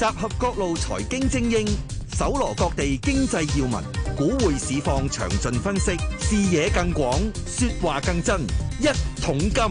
集合各路財經精英，搜羅各地經濟要聞，股匯市況詳盡分析，視野更廣，說話更真。一桶金，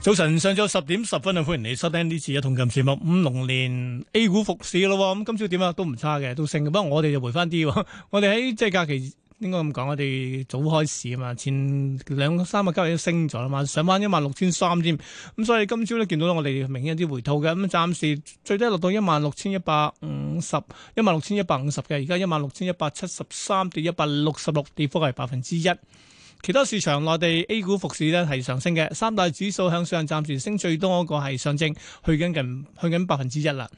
早晨，上晝十點十分，歡迎你收聽呢次嘅一桶金節目。五龍年 A 股復市咯，咁今朝點啊？都唔差嘅，都升嘅。不過我哋就回翻啲， 我哋喺即係假期。應該咁講，我哋早開市啊嘛，前兩三個交易都升咗啦嘛，上翻一萬六千三添，咁、啊、所以今朝咧見到我哋明顯有啲回吐嘅，咁、啊、暫時最低落到一萬六千一百五十，一萬六千一百五十嘅，而家一萬六千一百七十三跌一百六十六，跌幅係百分之一。其他市場內地 A 股復市咧係上升嘅，三大指數向上，暫時升最多嗰個係上證，去緊近去緊百分之一啦。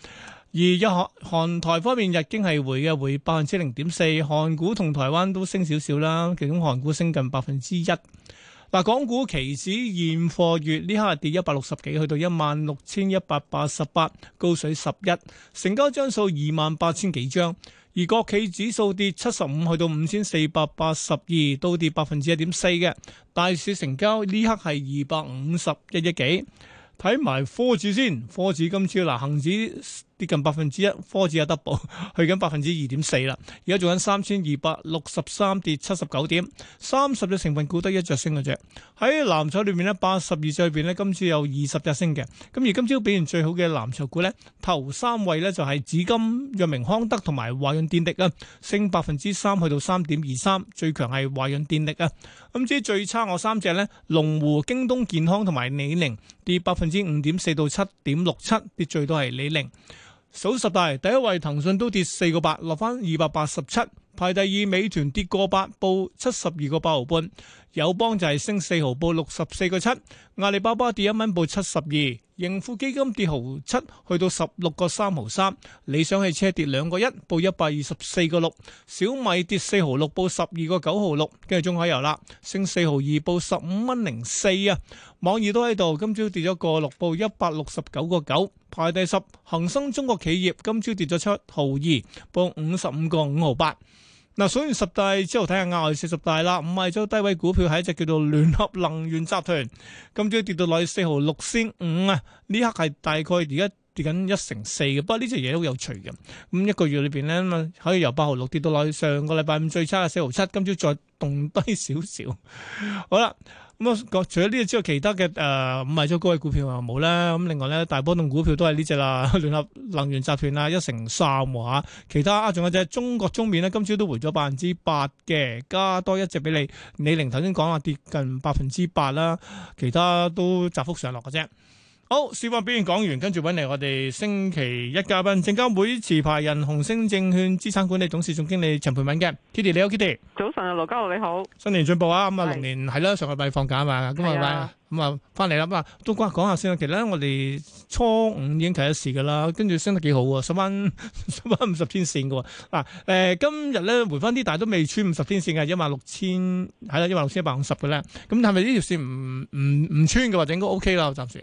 而日韓台方面，日經係回嘅，回百分之零點四。韓股同台灣都升少少啦，其中韓股升近百分之一。嗱，港股期指現貨月呢刻係跌一百六十幾，去到一萬六千一百八十八，高水十一，成交張數二萬八千幾張。而國企指數跌七十五，去到五千四百八十二，都跌百分之一點四嘅。大市成交呢刻係二百五十一億幾。睇埋科指先，科指今次嗱恒指。跌近百分之一，科指又 double 去緊百分之二點四啦。而家做緊三千二百六十三跌七十九點，三十隻成分股得一隻升嘅啫。喺藍籌裏面咧，八十二隻裏面咧，今朝有二十隻升嘅。咁而今朝表現最好嘅藍籌股咧，頭三位咧就係紫金、藥明康德同埋華潤電力啊，升百分之三，去到三點二三。最強係華潤電力啊。咁至最差我三隻咧，龍湖、京東健康同埋李寧跌百分之五點四到七點六七，跌最多係李寧。數十大第一位，騰訊都跌四個八，落返二百八十七。排第二，美團跌過八，報七十二個八毫半。友邦就係升四毫，報六十四個七。阿里巴巴跌一蚊，報七十二。盈富基金跌毫七，去到十六個三毫三。理想汽車跌兩個一，報一百二十四個六。小米跌四毫六，報十二個九毫六。跟住中海油啦，升四毫二，報十五蚊零四啊。網易都喺度，今朝跌咗個六，報一百六十九個九，排第十。恒生中國企業今朝跌咗七毫二，報五十五個五毫八。嗱、啊，數完十大之後看看，睇下亞外四十大啦。五號走低位股票係一隻叫做聯合能源集團，今朝跌到落去四毫六先五啊！呢刻係大概而家跌緊一成四嘅。不過呢隻嘢都好有趣嘅。咁一個月裏邊咧，可以由八毫六跌到落去上個禮拜五最差嘅四毫七，今朝再動低少少。好啦。咁啊，除咗呢隻之外，其他嘅誒、呃、五十周高位股票又冇啦。咁另外咧，大波動股票都係呢隻啦，聯合能源集團啊，一成三喎、啊、其他啊，仲有隻中國中免咧，今朝都回咗百分之八嘅，加多一隻俾你。李玲頭先講話，跌近百分之八啦，其他都窄幅上落嘅啫。好，說話表演講完，跟住揾嚟我哋星期一嘉賓，證監會持牌人，紅星證券資產管理董事總經理陳培敏嘅，Kitty，你好，Kitty，早晨啊，羅家豪，你好，你好新年進步啊，咁啊、嗯，龍年係啦，上個禮拜放假啊嘛，咁啊，咁啊，翻嚟啦，咁啊，都講下先啦，其實咧，我哋初五已經睇一時噶啦，跟住升得幾好 啊，十蚊，十蚊五十天線噶，嗱，誒，今日咧回翻啲、嗯啊，但係都未穿五十天線噶，一萬六千，係啦，一萬六千一百五十嘅咧，咁係咪呢條線唔唔唔穿嘅話，應該 OK 啦，暫時。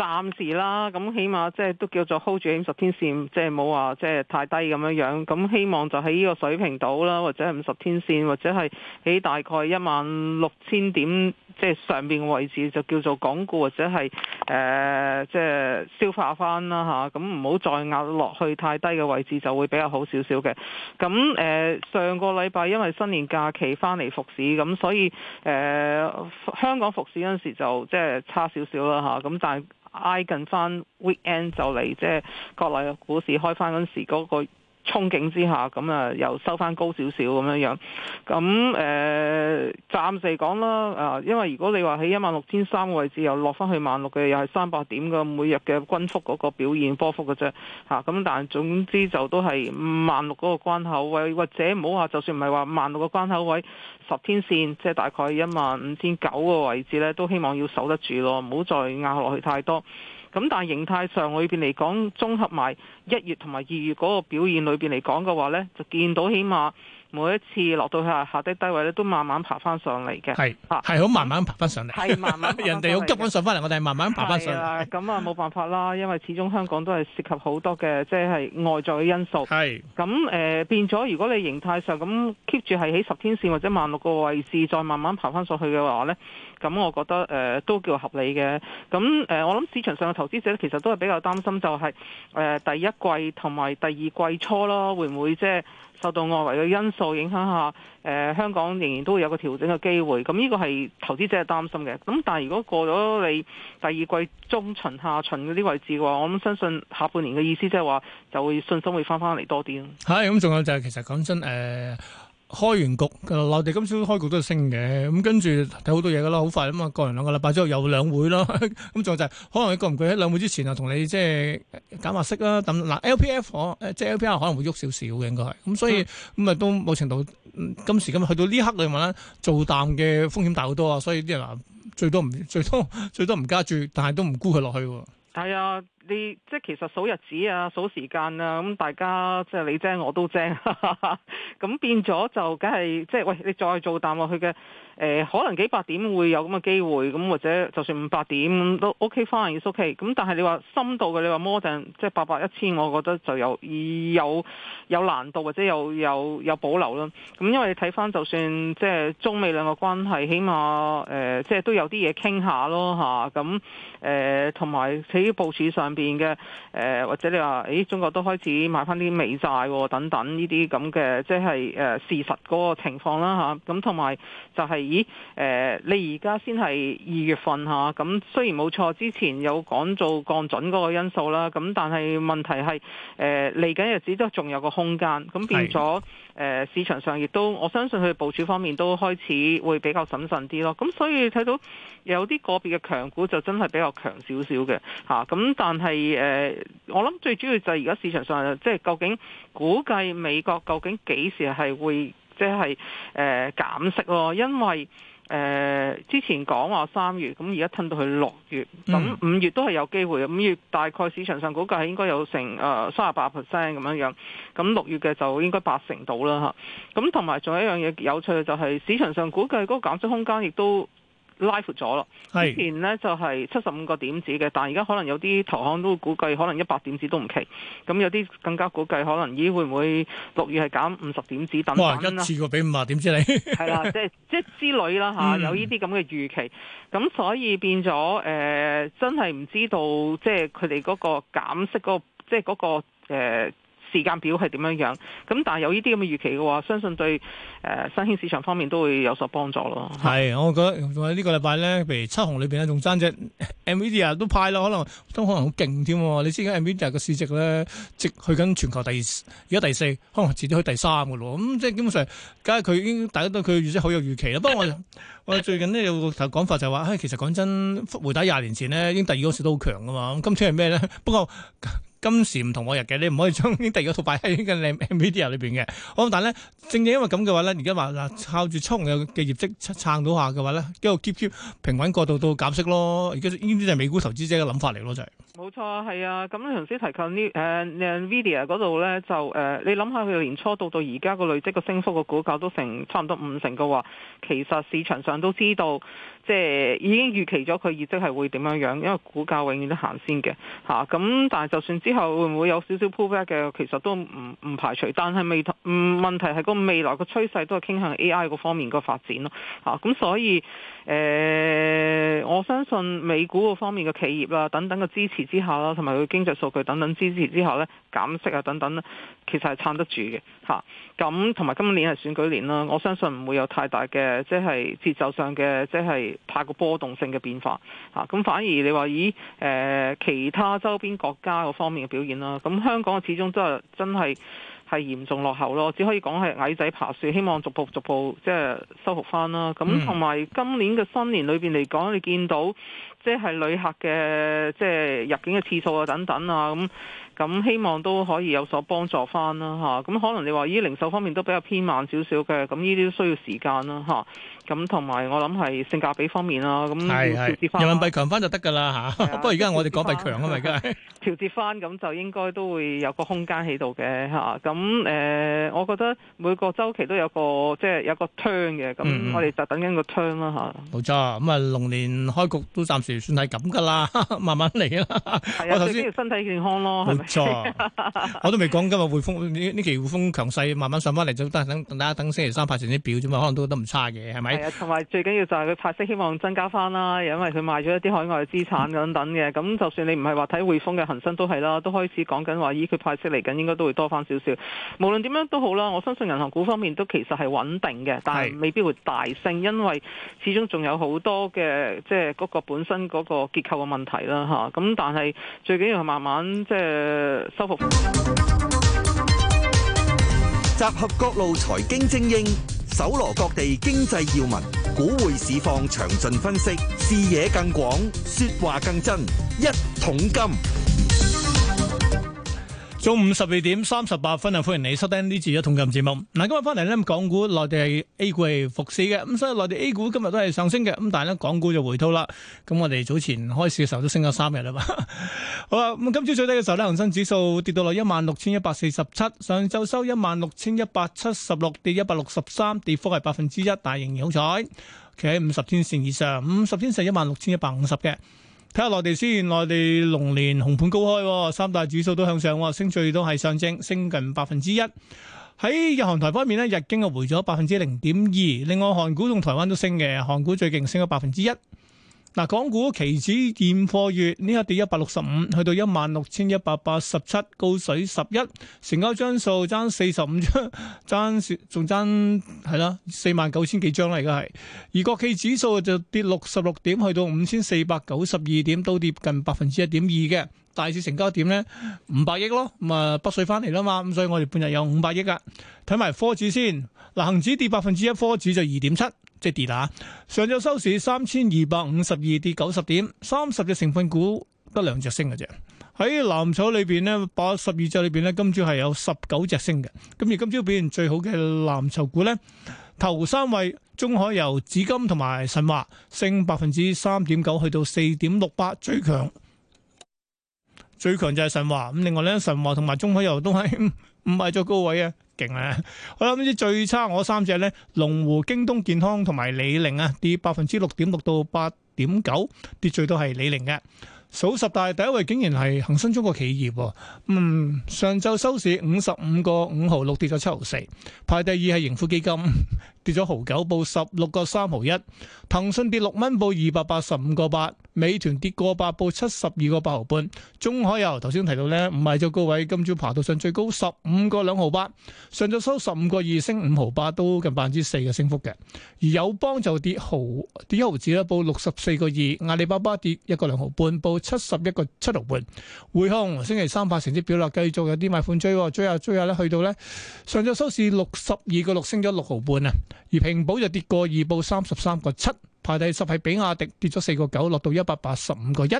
暫時啦，咁起碼即係都叫做 hold 住五十天線，即係冇話即係太低咁樣樣。咁希望就喺呢個水平度啦，或者係五十天線，或者係喺大概一萬六千點即係、就是、上邊位置就叫做鞏固，或者係誒即係消化翻啦嚇。咁唔好再壓落去太低嘅位置，就會比較好少少嘅。咁誒、呃、上個禮拜因為新年假期翻嚟復市，咁所以誒、呃、香港復市嗰陣時就即係、就是、差少少啦嚇。咁、啊、但挨近翻 weekend 就嚟，即係、like, mm hmm. 國內嘅股市開翻嗰陣時嗰個、那個，憧憬之下，咁啊又收翻高少少咁樣樣，咁誒、呃、暫時講啦，啊，因為如果你話喺一萬六千三個位置又落翻去萬六嘅，又係三百點嘅每日嘅均幅嗰個表現波幅嘅啫，嚇、啊、咁但係總之就都係萬六嗰個關口位，或者唔好話就算唔係話萬六個關口位，十天線即係、就是、大概一萬五千九個位置呢，都希望要守得住咯，唔好再壓落去太多。咁但係，形態上，裏邊嚟講，綜合埋一月同埋二月嗰個表現裏邊嚟講嘅話咧，就見到起碼。每一次落到去下跌低位咧，都慢慢爬翻上嚟嘅。係是，係好、啊、慢慢爬翻上嚟。係慢慢，人哋好急緊上翻嚟，我哋係慢慢爬翻上嚟。咁啊， 冇 辦法啦，因為始終香港都係涉及好多嘅，即、就、係、是、外在嘅因素。係是，咁誒、呃、變咗，如果你形態上咁 keep 住係喺十天線或者萬六個位置，再慢慢爬翻上去嘅話咧，咁我覺得誒、呃、都叫合理嘅。咁誒、呃，我諗市場上嘅投資者其實都係比較擔心、就是，就係誒第一季同埋第二季初咯，會唔會即係？呃受到外圍嘅因素影響下，誒、呃、香港仍然都會有個調整嘅機會。咁呢個係投資者擔心嘅。咁但係如果過咗你第二季中旬、下旬嗰啲位置嘅話，我諗相信下半年嘅意思即係話就會信心會翻翻嚟多啲咯。嚇！咁仲有就係其實講真誒。呃開完局，內地今朝開局都係升嘅，咁跟住睇好多嘢噶啦，好快啊嘛，過完兩個禮拜之後有兩會啦，咁 再、嗯、就係、是、可能佢過唔過喺兩會之前啊，同你即係減下息啦，等嗱 L P F 即係 L P R 可能會喐少少嘅應該係，咁、嗯、所以咁啊、嗯嗯、都冇程度、嗯，今時今日去到呢一刻裡面呢刻你問啦，做淡嘅風險大好多啊，所以啲人最多唔最多最多唔加注，但係都唔沽佢落去喎。係啊。你即係其實數日子啊，數時間啊，咁大家即係你精我都精，咁 變咗就梗係即係餵你再做淡落去嘅，誒、呃、可能幾百點會有咁嘅機會，咁、呃、或者就算五百點都 OK fine 亦都 OK。咁但係你話深度嘅，你話摩陣即係八百一千，我覺得就有有有難度或者有有有保留啦。咁、嗯、因為睇翻就算即係中美兩個關係，起碼誒、呃、即係都有啲嘢傾下咯嚇。咁誒同埋喺報紙上邊。嘅誒，或者你話，誒中國都開始買翻啲美債、哦、等等呢啲咁嘅，即係誒、呃、事實嗰個情況啦吓，咁同埋就係、是，咦誒、呃，你而家先係二月份吓，咁、啊、雖然冇錯，之前有講做降準嗰個因素啦，咁、啊、但係問題係誒嚟緊日子都仲有個空間，咁、啊、變咗。誒市場上亦都，我相信佢部署方面都開始會比較審慎啲咯。咁所以睇到有啲個別嘅強股就真係比較強少少嘅嚇。咁、啊、但係誒、呃，我諗最主要就係而家市場上即係究竟估計美國究竟幾時係會即係誒減息咯，因為，誒之前講話三月，咁而家褪到去六月，咁五、嗯、月都係有機會嘅。五月大概市場上估計應該有成誒三十八 percent 咁樣樣，咁六月嘅就應該八成到啦嚇。咁同埋仲有一樣嘢有趣嘅就係市場上估計嗰個減息空間亦都拉闊咗咯，之是前咧就係七十五個點子嘅，但係而家可能有啲投行都估計可能一百點子都唔奇，咁有啲更加估計可能咦會唔會六月係減五十點子等等啦。一次過俾五十點子點知你？係 啦，即係即係之類啦嚇，啊，有呢啲咁嘅預期，咁所以變咗誒、呃，真係唔知道即係佢哋嗰個減息嗰即係嗰個、嗰個呃時間表係點樣樣？咁但係有呢啲咁嘅預期嘅話，相信對誒、呃、新興市場方面都會有所幫助咯。係，我覺得呢個禮拜咧，譬如七雄裏邊咧，仲爭隻 NVIDIA 都派咯，可能都可能好勁添。你知嘅 NVIDIA 個市值咧，直去緊全球第二，而家第四，可能遲啲去第三嘅咯。咁、嗯、即係基本上，梗係佢已經大家都對佢預測好有預期啦。不過我就我最近呢，有個講法就話、是，誒、哎、其實講真，回打廿年前呢，已應第二公司都好強嘅嘛。咁今次係咩咧？不過。 今時唔同往日嘅，你唔可以將第二個套擺喺嘅 NVIDIA 裏邊嘅。咁但係咧，正正因為咁嘅話咧，而家話嗱靠住衝嘅嘅業績撐到下嘅話咧，一路 keep keep 平穩過渡到減息咯。而家呢啲就係美股投資者嘅諗法嚟咯，就係。冇錯，係啊。咁頭先提及呢誒 NVIDIA 嗰度咧，就誒你諗下佢年初到到而家個累積個升幅個股價都成差唔多五成嘅話，其實市場上都知道。即係已經預期咗佢業績係會點樣樣，因為股價永遠都行先嘅嚇。咁、啊、但係就算之後會唔會有少少 pullback 嘅，其實都唔唔排除。但係未同問題係個未來個趨勢都係傾向 AI 嗰方面個發展咯嚇。咁、啊、所以誒、呃，我相信美股個方面嘅企業啦，等等嘅支持之下啦，同埋佢經濟數據等等支持之下呢，減息啊等等，呢，其實係撐得住嘅嚇。啊咁同埋今年係選舉年啦，我相信唔會有太大嘅，即係節奏上嘅，即係太過波動性嘅變化嚇。咁、啊、反而你話以誒其他周邊國家嗰方面嘅表現啦，咁、啊、香港始終都係真係係嚴重落後咯，只可以講係矮仔爬樹，希望逐步逐步即係收復翻啦。咁同埋今年嘅新年裏邊嚟講，你見到。即係旅客嘅即係入境嘅次數等等啊，等等啊，咁咁希望都可以有所幫助翻啦嚇。咁、啊啊嗯、可能你話呢零售方面都比較偏慢少少嘅，咁呢啲都需要時間啦嚇。咁同埋我諗係性價比方面啦，咁、啊嗯、調節翻、啊。人民幣強翻就得㗎啦嚇，不過而家我哋港幣強啊嘛，而家係調節翻，咁 就應該都會有個空間喺度嘅嚇。咁、啊、誒，我、嗯嗯、覺得每個週期都有個即係有個 turn 嘅，咁我哋就等緊個 turn 啦嚇。冇、啊、錯，咁啊龍年開局都暫時。啊算係咁噶啦，慢慢嚟啦。的我頭先最緊要身體健康咯，冇錯，我都未講今日匯豐呢期匯豐強勢，慢慢上翻嚟，都等大家等，等星期三拍成啲表啫嘛，可能都都唔差嘅，係咪？係啊，同埋最緊要就係佢派息，希望增加翻啦。因為佢賣咗一啲海外資產等等嘅，咁、嗯、就算你唔係話睇匯豐嘅恒生都係啦，都開始講緊話，依佢派息嚟緊，應該都會多翻少少。無論點樣都好啦，我相信銀行股方面都其實係穩定嘅，但係未必會大升，因為始終仲有好多嘅即係嗰個本身。嗰個結構嘅問題啦，嚇咁，但係最緊要係慢慢即係修復。集合各路財經精英，搜羅各地經濟要聞，股匯市況詳盡分析，視野更廣，説話更真，一桶金。中午十二點三十八分啊，歡迎你收聽呢次嘅《一桶金》節目。嗱，今日翻嚟呢，港股、內地 A 股係復市嘅，咁所以內地 A 股今日都係上升嘅，咁但係呢，港股就回吐啦。咁我哋早前開市嘅時候都升咗三日啦嘛。 好啦、啊，咁今朝最低嘅時候呢，恒生指數跌到落一萬六千一百四十七，上晝收一萬六千一百七十六，跌一百六十三，跌幅係百分之一，但仍然好彩，企喺五十天線以上，五十天線係一萬六千一百五十嘅。睇下內地先，內地龍年紅盤高開，三大指數都向上，升最多係上證，升近百分之一。喺日韓台方面咧，日經啊回咗百分之零點二，另外韓股同台灣都升嘅，韓股最勁，升咗百分之一。嗱，港股期指現貨月呢，一跌一百六十五，去到一萬六千一百八十七，高水十一，成交張數爭四十五張，爭仲爭係啦，四萬九千幾張啦，而家係。而國企指數就跌六十六點，去到五千四百九十二點，都跌近百分之一點二嘅。大市成交點咧五百億咯，咁啊北水翻嚟啦嘛，咁所以我哋半日有五百億噶。睇埋科指先，嗱，恒指跌百分之一，科指就二點七。即係跌啦、啊，上晝收市三千二百五十二跌九十點，三十隻成分股得兩隻升嘅啫。喺藍籌裏邊呢，八十二隻裏邊呢，今朝係有十九隻升嘅。咁而今朝表現最好嘅藍籌股呢，頭三位中海油、紫金同埋神華，升百分之三點九，去到四點六八，最強。最強就係神華咁，另外呢，神華同埋中海油都係。 唔係最高位啊，勁啊！好啦 我諗知最差我三隻呢，龍湖、京東健康同埋李寧啊，跌百分之六點六到八點九，跌最多係李寧嘅。數十大第一位竟然係恒生中國企業，嗯，上晝收市五十五個五毫六，跌咗七毫四。排第二係盈富基金。跌咗毫九，報十六個三毫一；騰訊跌六蚊，報二百八十五個八；美團跌過八，報七十二個八毫半；中海油頭先提到呢，唔係咗高位，今朝爬到上最高十五個兩毫八，上晝收十五個二，升五毫八，都近百分之四嘅升幅嘅。而友邦就跌毫跌一毫紙啦，報六十四個二；阿里巴巴跌一個兩毫半，報七十一個七毫半。匯控星期三發成績表啦，繼續有啲買款追，追下、啊、追下、啊、咧、啊，去到呢上晝收市六十二個六，升咗六毫半啊。而平保就跌過二，報三十三個七，排第十係比亞迪，跌咗四個九，落到一百八十五個一。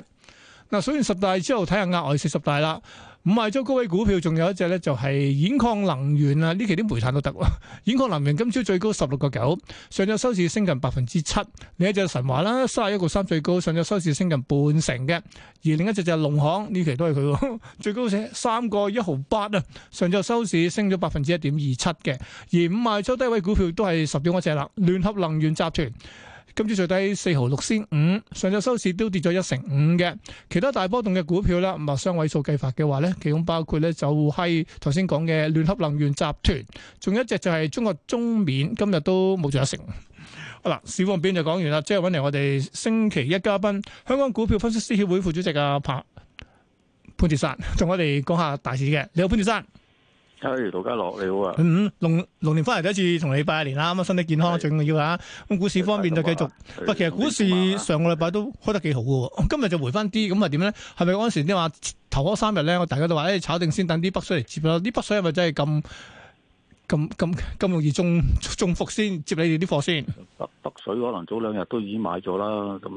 嗱，數完十大之後睇下額外四十大啦，五賣咗高位股票，仲有一隻咧就係兗礦能源啊，呢期啲煤炭都得喎。兗礦能源今朝最高十六個九，上晝收市升近百分之七。另一隻神華啦，三十一個三最高，上晝收市升近半成嘅。而另一隻就係農行，呢期都係佢喎，最高寫三個一毫八啊，上晝收市升咗百分之一點二七嘅。而五賣咗低位股票都係十點嗰隻啦，聯合能源集團。今朝最低四毫六仙五，上晝收市都跌咗一成五嘅。其他大波動嘅股票咧，咁啊，雙位數計法嘅話咧，其中包括咧就係頭先講嘅聯合能源集團，仲有一隻就係中國中緬，今日都冇咗一成。好啦，市況篇就講完啦，即係搵嚟我哋星期一嘉賓香港股票分析師協會副主席阿、啊、彭潘鐵山，同我哋講下大市嘅。你好，潘鐵山。嘉怡陶嘉樂你好啊，嗯，龍龍年翻嚟第一次同你拜年啦，咁啊身體健康最重是要吓。咁、嗯、股市方面就繼續，其實股市上個禮拜都開得幾好嘅，今日就回翻啲，咁啊點咧？係咪嗰陣時你話頭嗰三日咧，我大家都話誒、哎、炒定先，等啲北水嚟接咯。啲北水係咪真係咁咁咁咁容易中中伏先接你哋啲貨先？北北水可能早兩日都已經買咗啦，咁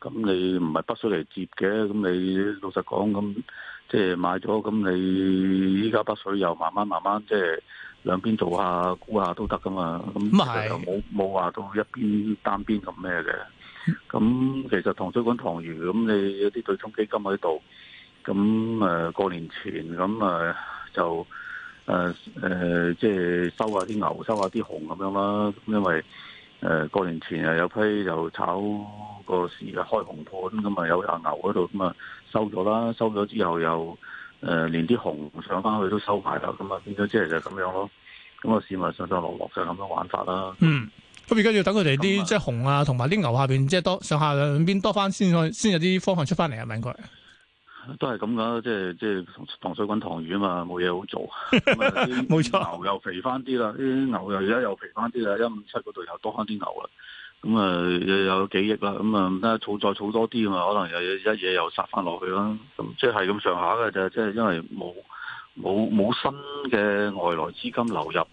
咁你唔係北水嚟接嘅，咁你老實講咁。即係買咗，咁你依家北水又慢慢慢慢，即係兩邊做下估下都得噶嘛，咁又冇冇話到一邊單邊咁咩嘅？咁其實糖水滾糖魚，咁你有啲對沖基金喺度，咁誒過年前咁誒就誒誒，即係收下啲牛，收下啲熊咁樣啦。因為誒過年前啊有批又炒個時啊開紅盤咁啊，有下牛嗰度咁啊，收咗啦，收咗之後又誒、呃，連啲熊上翻去都收埋啦，咁啊變咗即係就咁樣咯。咁啊，市民上上落落就咁樣玩法啦。嗯，咁而家要等佢哋啲即係是熊啊，同埋啲牛下邊即係多那上下兩邊多翻先先有啲方向出翻嚟啊？咪？應該都係咁噶，即係即係糖水滾糖魚啊嘛，冇嘢好做。冇錯，牛又肥翻啲啦，啲 沒錯 牛又而家又肥翻啲啦，一五七嗰度又多翻啲牛啦。咁啊，又有幾億啦，咁啊，唔得，儲再儲多啲啊嘛，可能又一嘢又殺翻落去啦。咁即係咁上下嘅，就即係因為冇冇冇新嘅外來資金流入，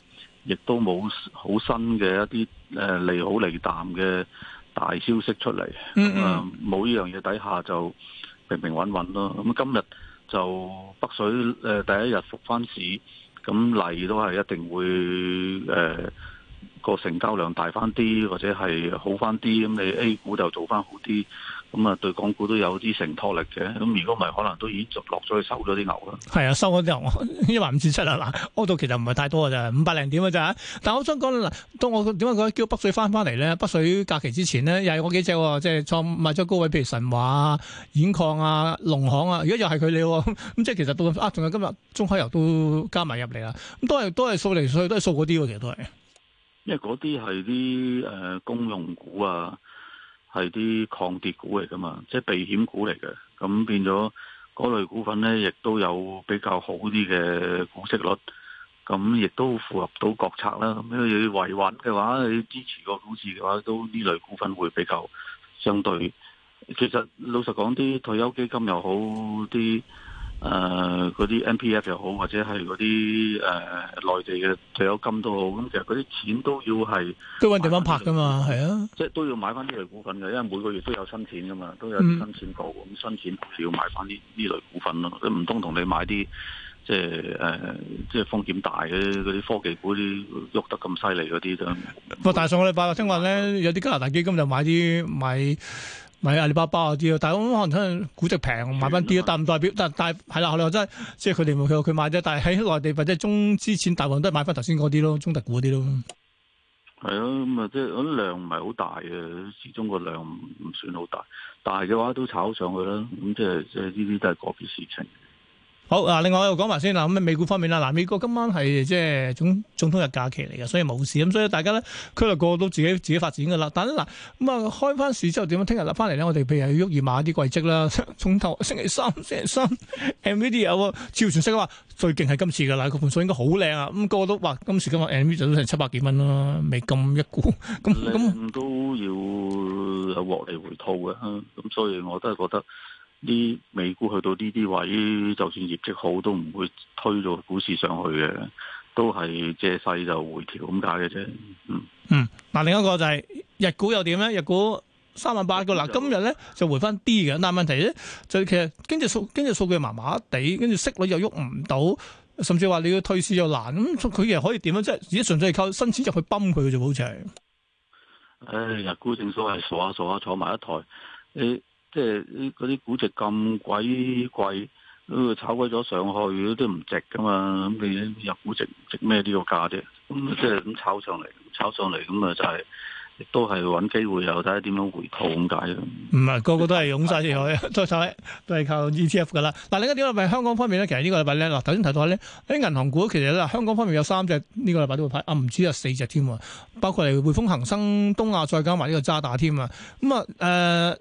亦都冇好新嘅一啲誒利好利淡嘅大消息出嚟。嗯，冇呢樣嘢底下就平平穩穩咯。咁今日就北水誒第一日復翻市，咁嚟都係一定會誒。個成交量大翻啲，或者係好翻啲咁，你 A 股就做翻好啲咁啊，對港股都有啲承托力嘅。咁如果唔係，可能都已經落咗去收咗啲牛啦。係啊，收咗啲牛一萬五至七啊嗱，蝦到其實唔係太多嘅咋，五百零點嘅咋。但我想講嗱，當我點解叫北水翻翻嚟咧？北水假期之前咧，又係嗰幾隻即係創買咗高位，譬如神華啊、兗礦啊、農行啊，如果又係佢哋喎，咁即係其實到啊，仲有今日中海油都加埋入嚟啦。咁都係都係數嚟數去，都係數嗰啲喎，其實、啊、都係。都因為嗰啲係啲誒公用股啊，係啲抗跌股嚟噶嘛，即係避險股嚟嘅，咁變咗嗰類股份呢，亦都有比較好啲嘅股息率，咁亦都符合到國策啦。咁你維穩嘅話，你支持個股市嘅話，都呢類股份會比較相對。其實老實講，啲退休基金又好啲。誒，嗰啲 MPF 又好，或者係嗰啲誒內地嘅退休金都好，咁其實嗰啲錢都要係都揾地方拍噶嘛，係啊，即係都要買翻呢類股份嘅，因為每個月都有新錢噶嘛，都有啲新錢到，咁、嗯、新錢要買翻呢呢類股份咯，唔通同你買啲即係誒，即係、呃、風險大嘅嗰啲科技股，啲喐得咁犀利嗰啲啫。不過上個禮拜我聽話咧，有啲加拿大基金就買啲買。買、啊、阿里巴巴嗰啲咯，但係我可能睇到估值平，買翻啲咯。啊、但唔代表，但係係啦，我哋真係即係佢哋佢佢買啫。但係喺內地或者中資前大部分都係買翻頭先嗰啲咯，中特股啲咯。係啊，咁啊，即係嗰啲量唔係好大嘅，始終個量唔唔算好大。大嘅話都炒上去啦。咁即係即係呢啲都係個別事情。好嗱，另外我又講埋先啦，咁咩美股方面啦，嗱，美國今晚係即係總總統日假期嚟嘅，所以冇市。咁所以大家咧，佢就個，個都自己自己發展噶啦。但係嗱，咁啊開翻市之後點樣？聽日啦，翻嚟咧，我哋譬如去沃爾瑪啲季績啦，重頭星期三，星期三 NVDA 有啊，超全式啊嘛，最勁係今次噶，嗱、啊，個盤數應該好靚啊，咁個都話今時今日 NV 就都成七百幾蚊啦，美金一股，咁、嗯、咁、嗯、都要有獲利回吐嘅，咁所以我都係覺得。啲美股去到呢啲位，就算業績好都唔會推到股市上去嘅，都係借勢就回調咁解嘅啫。嗯，嗯，嗱，另一個就係、是、日股又點咧？日股三萬八嘅，嗱，今日咧就回翻啲嘅，但係問題咧，就其實經濟數經濟數據麻麻地，跟住息率又喐唔到，甚至話你要退市又難，咁、嗯、佢又可以點咧？即係純粹靠新錢入去泵佢嘅啫，就好似係。唉、哎，日股正所謂傻下傻下坐埋一台，你。誒即係啲嗰啲估值咁鬼貴，炒鬼咗上去都唔值噶嘛？咁你入估值值咩呢個價啫？咁、嗯、即係咁炒上嚟，炒上嚟咁啊，就係、是、亦都係揾機會，又睇下點樣回吐咁解咯。唔係個個都係湧晒啲去，都係都係靠 E T F 噶啦。嗱，另一點咧，咪香港方面咧，其實呢個禮拜咧，嗱，頭先提到咧，喺銀行股，其實咧，香港方面有三隻呢、這個禮拜都會派，啊，唔知有四隻添啊，包括係匯豐、恒生、東亞，再加埋呢個渣打添啊。咁、嗯、啊、誒、呃。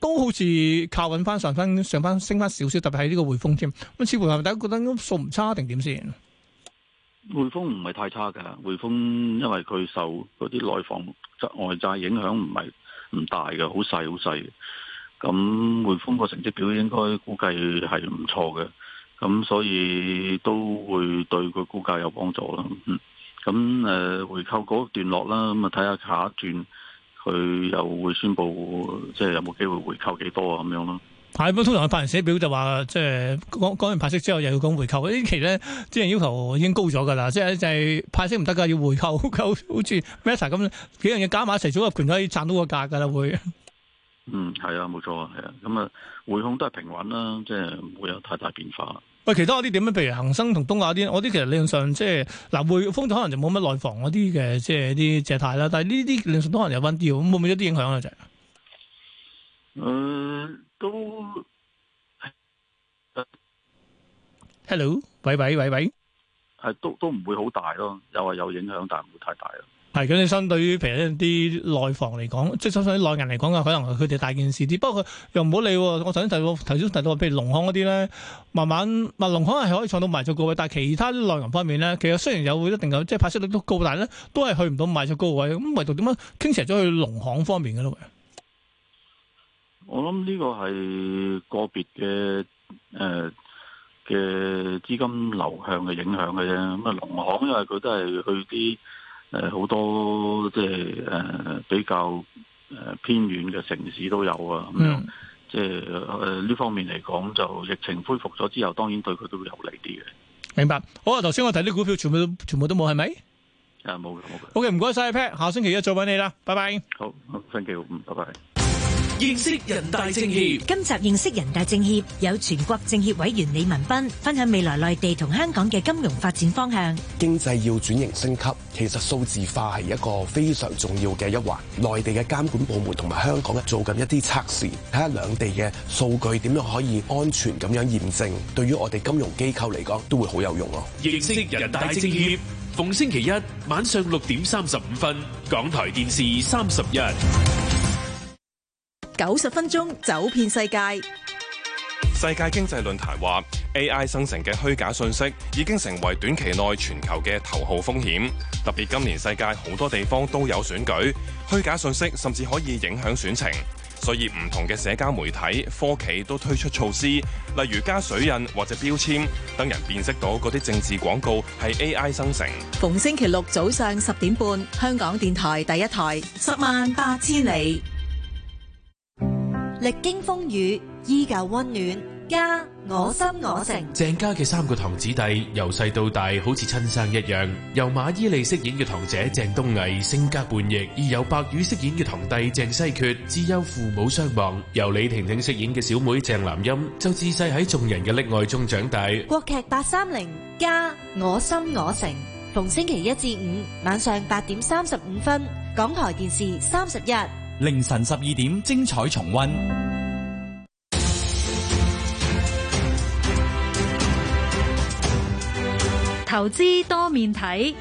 都好似靠穩翻上翻上翻升翻少少，特別喺呢個匯豐添。咁似乎係咪大家覺得數唔差定點先？匯豐唔係太差噶，匯豐因為佢受嗰啲內房外債、外債影響唔係唔大嘅，好細好細。咁匯豐個成績表應該估計係唔錯嘅，咁所以都會對佢股價有幫助啦。咁誒，回購嗰段落啦，咁啊睇下下一段。佢又會宣布，即係有冇機會回購幾多啊？咁樣咯，係咁、嗯、通常佢派人寫表就話，即係講講完派息之後又要講回購。期呢期咧，啲人要求已經高咗噶啦，即係就係派息唔得噶，要回購，呵呵好似 Meta 咁幾樣嘢加埋一齊組合拳都可以賺到個價噶啦，會。嗯，係啊，冇錯啊，係啊，咁啊，匯控都係平穩啦，即係唔會有太大變化。喂，其他嗰啲點咧？譬如恒生同東亞啲，我啲其實理論上即係嗱，匯、啊、豐可能就冇乜內房嗰啲嘅即係啲借貸啦。但係呢啲理論上都可能有溫調，會唔會一啲影響啊？就，嗯，都，Hello，喂喂喂喂，係都都唔會好大咯，又話有影響，但唔會太大啦。係，佢哋相對於譬如一啲內房嚟講，即係相信內銀嚟講嘅，可能佢哋大件事啲。不過又唔好理。我頭先提到頭先提到，譬如農行嗰啲咧，慢慢物農行係可以創到賣出高位，但係其他啲內銀方面咧，其實雖然有一定有即係派息率都高，但係咧都係去唔到賣出高位。咁唯獨點樣，傾斜咗去農行方面嘅咯。我諗呢個係個別嘅誒嘅資金流向嘅影響嘅啫。咁啊，農行因為佢都係去啲。誒，好、呃、多即係誒，比較誒偏遠嘅城市都有啊，咁樣即係呢方面嚟講，就疫情恢復咗之後，當然對佢都會有利啲嘅。明白，好啊，頭先我睇啲股票全，全部全部都冇，係咪？啊，冇嘅，冇嘅。O K，唔該晒，Pat，下星期一再搵你啦，拜拜。好，thank you，拜拜。認識人大政協，今集認識人大政協有全國政協委員李文斌分享未來內地同香港嘅金融發展方向。經濟要轉型升級，其實數字化係一個非常重要嘅一環。內地嘅監管部門同埋香港咧做緊一啲測試，睇下兩地嘅數據點樣可以安全咁樣驗證。對於我哋金融機構嚟講，都會好有用咯。認識人大政協，逢星期一晚上六點三十五分，港台電視三十一。九十分鐘走遍世界。世界經濟論壇話，AI 生成嘅虛假信息，已經成為短期內全球嘅頭號風險。特別今年世界好多地方都有選舉，虛假信息甚至可以影響選情。所以唔同嘅社交媒體科企都推出措施，例如加水印或者標籤，等人辨識到嗰啲政治廣告係 AI 生成。逢星期六早上十點半，香港電台第一台，十萬八千里。歷經風雨，依舊溫暖。家，我心我城。鄭家嘅三個堂子弟，由細到大好似親生一樣。由馬伊琍飾演嘅堂姐鄭東霓，性格叛逆；而由白宇飾演嘅堂弟鄭西決，自幼父母雙亡。由李婷婷飾演嘅小妹鄭南音，就自細喺眾人嘅溺愛中長大。國劇八三零，家，我心我城。逢星期一至五晚上八點三十五分，港台電視三十一。凌晨十二點，精彩重溫。投資多面睇，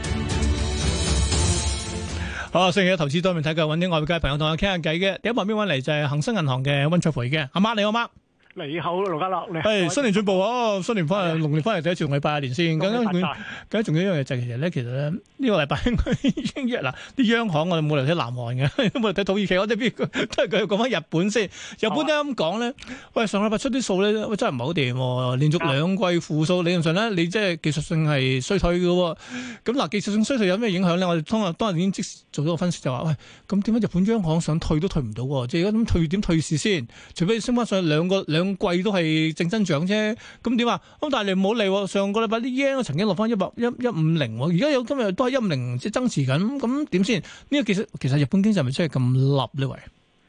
好，星期一投資多面睇，我揾啲外界朋友同我傾下偈嘅。第一邊位揾嚟就係恒生銀行嘅溫卓培嘅，阿媽你好嗎，我媽。你好，盧家樂。係新年進步啊！新年翻嚟，農、嗯、年翻嚟，第一次同你拜下年先。咁樣，咁樣仲有一樣嘢就係、是、其實咧，其實咧呢、這個禮拜聽聽日嗱，啲 央行我哋冇嚟睇南韓嘅，冇嚟睇土耳其，我哋邊個都係繼續講翻日本先。日本都咁講咧，喂、哎，上禮拜出啲數咧，真係唔係好掂，連續兩季負數，理論上咧，你即係技術性係衰退嘅。咁嗱，技術性衰退有咩影響咧？我哋當日當日已經即時做咗個分析，就話喂，咁點解日本央行想退都退唔到？即係而家點退？點退市先？除非升翻上兩個兩。兩個咁貴都係正增長啫，咁點啊？咁但係你唔好理，上個禮拜啲 yen 曾經落翻一百一一五零，而家有今日都係一五零，即係增持緊，咁點先？呢個其實其實日本經濟係咪真係咁立呢喂。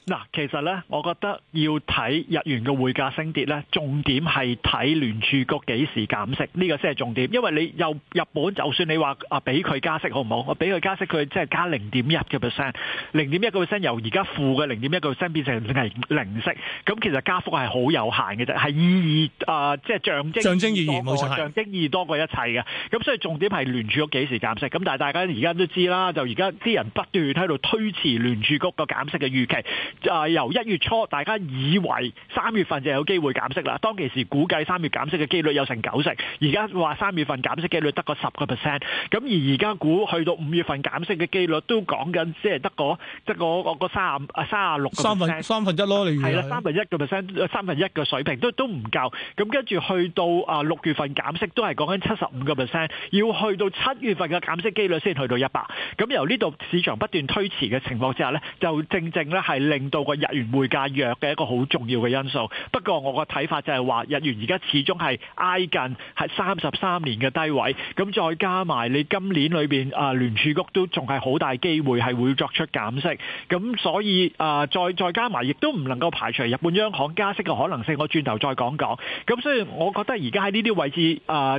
嗱，其實咧，我覺得要睇日元嘅匯價升跌咧，重點係睇聯儲局幾時減息，呢個先係重點。因為你又日本就算你話啊，俾佢加息好唔好？我俾佢加息，佢即係加零點一嘅 percent，零點一個 percent 由而家負嘅零點一個 percent 變成零零息，咁其實加幅係好有限嘅啫，係意義啊，即、呃、係、就係、象徵象徵意義冇錯，過就係、象徵意義多過一切嘅。咁所以重點係聯儲局幾時減息。咁但係大家而家都知啦，就而家啲人不斷喺度推遲聯儲局個減息嘅預期。就係由一月初，大家以為三月份就有機會減息啦。當其時估計三月減息嘅機率有成九成，而家話三月份減息機率得個十個 percent。咁而而家估去到五月份減息嘅機率都講緊，即係得個得個三十六個 percent。三分三分一咯，三分一嘅 percent，三分一嘅水平都都唔夠。咁跟住去到啊六月份減息都係講緊七十五個 percent，要去到七月份嘅減息機率先去到一百。咁由呢度市場不斷推遲嘅情況之下呢，就正正咧係令到個日元匯價弱嘅一個好重要嘅因素。不過我個睇法就係話，日元而家始終係挨近係三十三年嘅低位。咁再加埋你今年裏邊啊聯儲局都仲係好大機會係會作出減息。咁所以啊，再再加埋亦都唔能夠排除日本央行加息嘅可能性。我轉頭再講講。咁雖然我覺得而家喺呢啲位置啊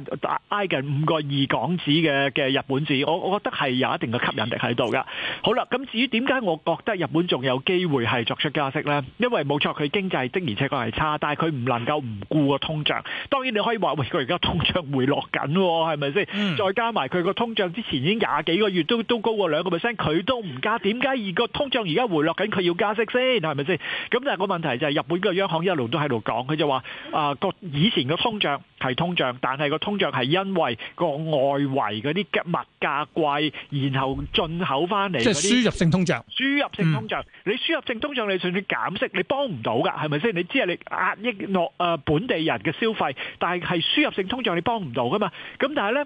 挨近五個二港紙嘅嘅日本紙，我我覺得係有一定嘅吸引力喺度㗎。好啦，咁至於點解我覺得日本仲有機會係作出加息咧，因為冇錯，佢經濟的而且確係差，但係佢唔能夠唔顧個通脹。當然你可以話喂，佢而家通脹回落緊，係咪先？再加埋佢個通脹之前已經廿幾個月都都高過兩個 percent，佢都唔加，點解？而個通脹而家回落緊，佢要加息先，係咪先？咁但係個問題就係日本個央行一路都喺度講，佢就話啊，個以前個通脹係通脹，但係個通脹係因為個外圍嗰啲物價貴，然後進口翻嚟，即係輸入性通脹。輸入性通脹，你輸入性。通脹你甚至減息，你幫唔到噶，係咪先？你知係你壓抑落啊本地人嘅消費，但係係輸入性通脹你幫唔到噶嘛？咁但係咧，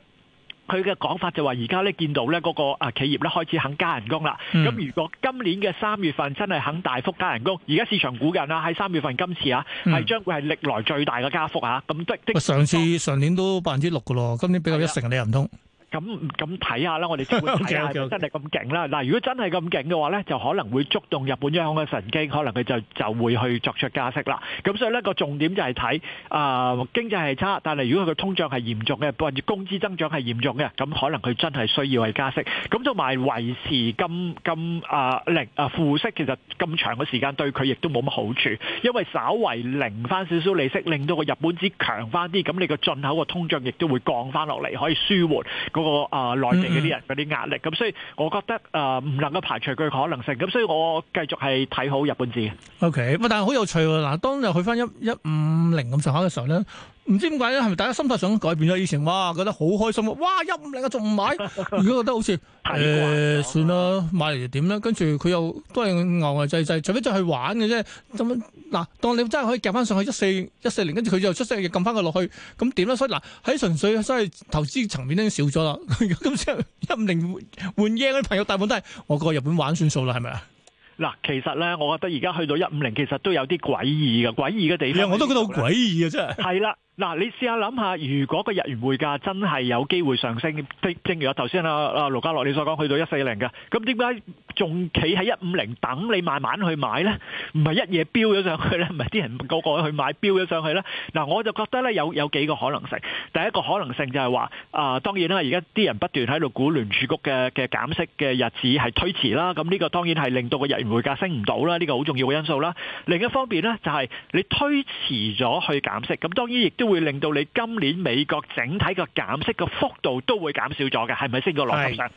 佢嘅講法就話，而家咧見到咧嗰個啊企業咧開始肯加人工啦。咁、嗯、如果今年嘅三月份真係肯大幅加人工，而家市場估計啦，喺三月份今次啊，係、嗯、將會係歷來最大嘅加幅啊！咁的的，上次上年都百分之六噶咯，今年比較一成，的你又唔通？咁咁睇下啦，我哋就會睇下真係咁勁啦。嗱，如果真係咁勁嘅話呢，就可能會觸動日本央行嘅神經，可能佢就就會去作出加息啦。咁所以呢個重點就係睇啊經濟係差，但係如果佢通脹係嚴重嘅，或者工資增長係嚴重嘅，咁可能佢真係需要係加息。咁同埋維持咁咁啊零啊負息，其實咁長嘅時間對佢亦都冇乜好處，因為稍為零翻少少利息，令到個日本紙強翻啲，咁你個進口個通脹亦都會降翻落嚟，可以舒緩。個啊內地嗰啲人嗰啲壓力咁，所以我覺得啊唔，呃，能夠排除佢可能性咁，所以我繼續係睇好日本字。OK，咁但係好有趣喎！嗱，當日去翻一一五零咁上下嘅時候咧。唔知點解咧，係咪大家心態想改變咗以前，哇覺得好開心，哇，一五零我仲唔買，如果 覺得好似誒 算啦，買嚟就點咧？跟住佢又都係牛嚟濟濟，除非就是、去玩嘅啫。咁嗱，當你真係可以夾翻上去一四一四年，跟住佢就出聲撳翻佢落去，咁點咧？所以嗱，喺、呃、純粹真係投資層面已經少咗啦。咁家今一五零換嘢嘅朋友大部分都係我過日本玩算數啦，係咪啊？嗱，其實咧，我覺得而家去到一五零，其實都有啲詭異嘅，詭異嘅地方、嗯。我都覺得好詭異啊，真係。係啦，嗱，你試下諗下，如果個日元匯價真係有機會上升，正如我頭先啊啊盧家樂你所講，去到一四零嘅，咁點解仲企喺一五零等你慢慢去買呢？唔係一夜飈咗上，上去呢？唔係啲人個個去買飈咗上去呢？嗱，我就覺得呢，有有幾個可能性。第一個可能性就係話啊，當然啦，而家啲人不斷喺度估聯儲局嘅嘅減息嘅日子係推遲啦，咁呢個當然係令到個日匯價升唔到啦，呢個好重要嘅因素啦。另一方面呢，就係、是、你推遲咗去減息，咁當然亦都會令到你今年美國整體嘅減息嘅幅度都會減少咗嘅，係咪先個羅先生？咁、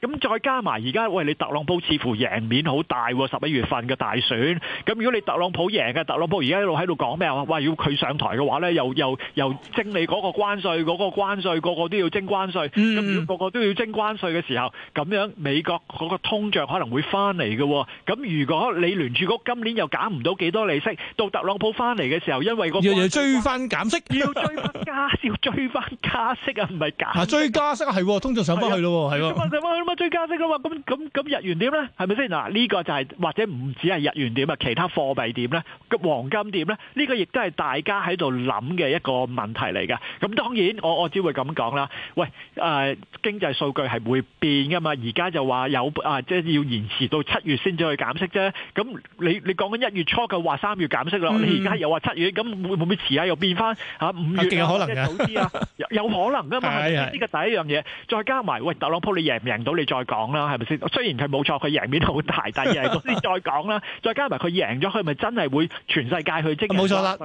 嗯、再加埋而家，喂，你特朗普似乎贏面好大喎，十一月份嘅大選。咁如果你特朗普贏嘅，特朗普而家一路喺度講咩話？喂，要佢上台嘅話呢，又又又，又徵你嗰個關稅，嗰、嗰個關稅，個個都要徵關稅。咁、嗯嗯、如果個個都要徵關稅嘅時候，咁樣美國嗰個通脹可能會翻嚟嘅。咁如果你聯儲局今年又減唔到幾多利息，到特朗普翻嚟嘅時候，因為個要追翻減息，要追翻加息，要追翻加息啊，唔係減啊，追加息係通脹上翻去咯，係咯，上翻去咪追加息咯嘛？咁咁咁日元點咧？係咪先嗱？呢個就係或者唔止係日元點啊，其他貨幣點咧？嘅黃金點咧？呢個亦都係大家喺度諗嘅一個問題嚟㗎。咁當然，我我只會咁講啦。喂，誒經濟數據係會變㗎嘛？而家就話有啊，即係要延遲到七月先至去減息啫，咁你你講緊一月初嘅話三月減息咯，你而家又話七月，咁會唔會遲啊？又變返吓五月？一定有可能噶，有可能噶嘛？呢個第一樣嘢，再加埋喂，特朗普你贏唔贏到？你再講啦，係咪先？雖然佢冇錯，佢贏面好大，但係都再講啦。再加埋佢贏咗，佢咪真係會全世界去積極？冇錯啦，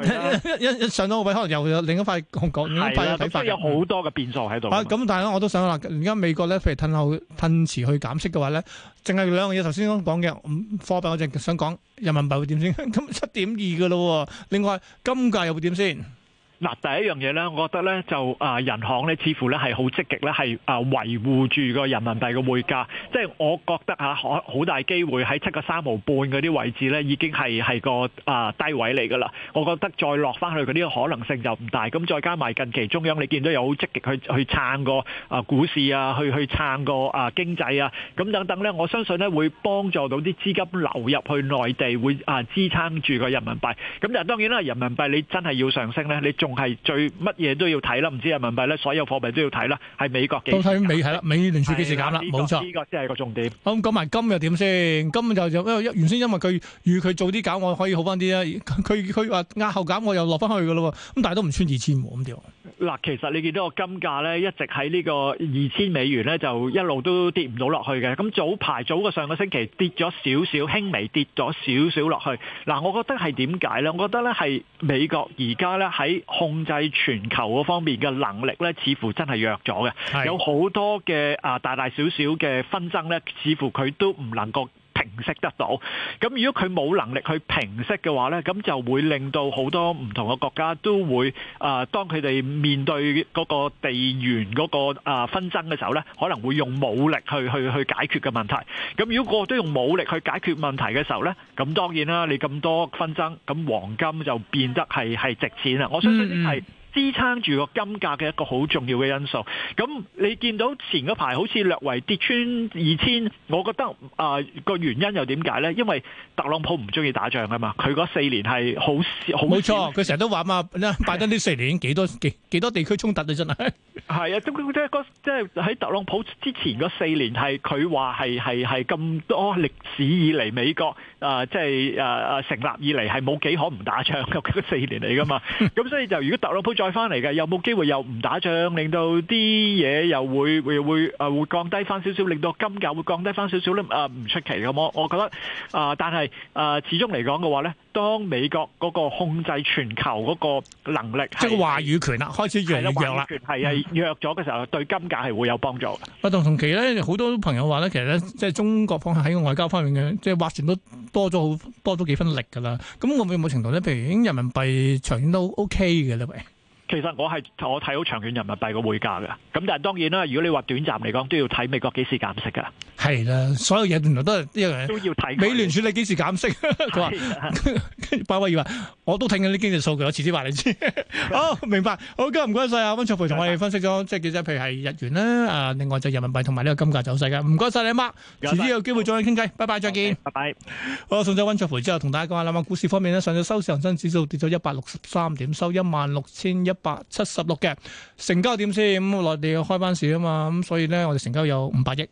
一一上到位可能又有另一塊紅角咁快睇法，即係有好多嘅變數喺度。啊，咁但係我都想啦，而家美國咧，譬如褪後褪遲去減息嘅話咧，淨係兩樣嘢，頭先講講嘅。貨幣我淨係想講人民幣會點先？今日七點二嘅咯。另外金價又會點先？嗱，第一樣嘢咧，我覺得咧就啊，人行咧似乎咧係好積極咧，係啊維護住個人民幣嘅匯價。即係我覺得嚇好大機會喺七個三毫半嗰啲位置咧，已經係係個啊低位嚟㗎啦。我覺得再落翻去嗰啲可能性就唔大。咁再加埋近期中央你見到有好積極去去，去撐個啊股市啊，去去撐個啊經濟啊，咁等等咧，我相信咧會幫助到啲資金流入去內地，會啊支撐住個人民幣。咁但當然啦，人民幣你真係要上升咧，你仲係最乜嘢都要睇啦，唔知人民幣咧，所有貨幣都要睇啦。係美國嘅，都睇美係啦，美聯儲幾時減啦？冇、這個、錯，呢個先係個重點。咁、嗯、講埋金又點先？金就就原先因為佢預佢早啲減，我可以好翻啲啊。佢佢話壓後減，我又落翻去㗎咯喎。咁但係都唔穿二千五咁點？嗱，其實你見到個金價咧，一直喺呢個二千美元咧，就一路都跌唔到落去嘅。咁早排早個上個星期跌咗少少，輕微跌咗少少落去。嗱，我覺得係點解咧？我覺得咧係美國而家咧喺。控制全球嗰方面嘅能力咧，似乎真係弱咗嘅。有好多嘅啊，大大小小嘅紛爭咧，似乎佢都唔能夠。釋得到，咁如果佢冇能力去平息嘅話呢，咁就會令到好多唔同嘅國家都會啊，當佢哋面對嗰個地緣嗰個啊紛爭嘅時候呢，可能會用武力去去去解決嘅問題。咁如果個個都用武力去解決問題嘅時候呢，咁當然啦，你咁多紛爭，咁黃金就變得係係值錢啦。我相信係。支撐住個金價嘅一個好重要嘅因素。咁你見到前嗰排好似略為跌穿二千，我覺得啊個原因又點解咧？因為特朗普唔中意打仗啊嘛，佢嗰四年係好少。冇錯，佢成日都話嘛，拜登，呢四年幾多幾幾多地區衝突啊真係。係啊，即即即即喺特朗普之前嗰四年係佢話係係係咁多歷史以嚟美國啊即係啊啊成立以嚟係冇幾可唔打仗嘅佢四年嚟噶嘛。咁所以就如果特朗普，再翻嚟嘅，有冇機會又唔打仗，令到啲嘢又會會會啊，會降低翻少少，令到金價會降低翻少少咧啊，唔出奇嘅。我我覺得啊，但係啊，始終嚟講嘅話咧，當美國嗰個控制全球嗰個能力即係個話語權啊，開始越嚟越弱啦，係啊，弱咗嘅時候對金價係會有幫助。不同同期咧，好多朋友話咧，其實咧即係中國方向喺外交方面嘅，即係或多或少多咗好多咗幾分力㗎啦。咁我有冇程度咧，譬如已經人民幣長遠都 OK 嘅啦，喂。其實我係我睇好長遠人民幣個匯價嘅，咁但係當然啦，如果你話短暫嚟講，都要睇美國幾時減息噶。係啦，所有嘢原來都係呢樣嘢都要睇美聯儲你幾時減息。佢話，鮑威爾話，我都聽緊啲經濟數據，我遲啲話你知。 好，明白，好嘅，唔該晒阿温卓培，同我哋分析咗即係其實，譬的如係日元啦，啊，另外就人民幣同埋呢個金價走勢嘅。唔該晒你阿媽，遲啲 有機會再傾偈。好拜拜，再見，okay, 拜拜。好，送咗温卓培之後，同大家講下諗下股市方面咧，上日收市恒生指數跌咗一百六十三點收，收一萬六千一。百七十六嘅成交點先咁，我、嗯、哋要開班市啊嘛，咁所以咧我哋成交有五百億。